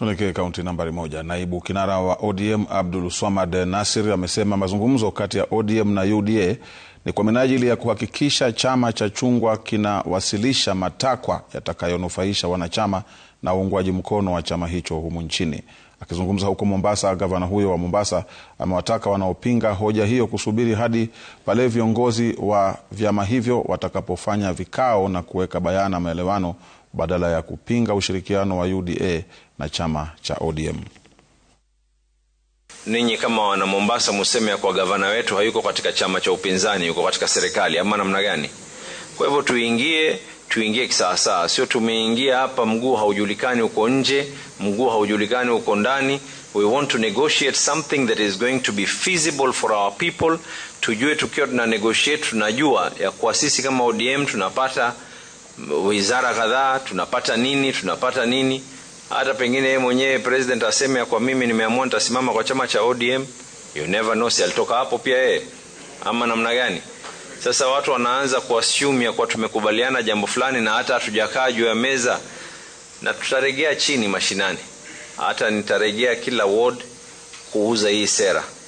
Tuelekee kaunti nambari moja. Naibu kinara wa ODM Abdul Swamad Nasir amesema mazungumzo kati ya ODM na UDA ni kwa minajili ya kuhakikisha chama cha chungwa kinawasilisha matakwa yatakayonufaisha wanachama na uungwaji mkono wa chama hicho humu nchini. Akizungumza huko Mombasa, gavana huyo wa Mombasa amewataka wanaopinga hoja hiyo kusubiri hadi pale viongozi wa vyama hivyo watakapofanya vikao na kuweka bayana maelewano badala ya kupinga ushirikiano wa UDA na chama cha ODM. Ninyi kama wana Mombasa museme ya kuwa gavana wetu hayuko katika chama cha upinzani, yuko katika serikali ama namna gani? Kwa hivyo tuingie, tuingie kisawasawa, sio tumeingia hapa mguu haujulikani uko nje, mguu haujulikani uko ndani. We want to negotiate something that is going to be feasible for our people. Tujue tukiwa tuna negotiate tunajua ya kuwa sisi kama ODM tunapata wizara kadhaa, tunapata nini, tunapata nini. Hata pengine yeye mwenyewe president aseme kwa mimi nimeamua nitasimama kwa chama cha ODM, you never know, si alitoka hapo pia yeye ama namna gani? Sasa watu wanaanza kuassume ya kwa tumekubaliana jambo fulani na hata hatujakaa juu ya meza, na tutarejea chini mashinani. Hata nitarejea kila ward kuuza hii sera.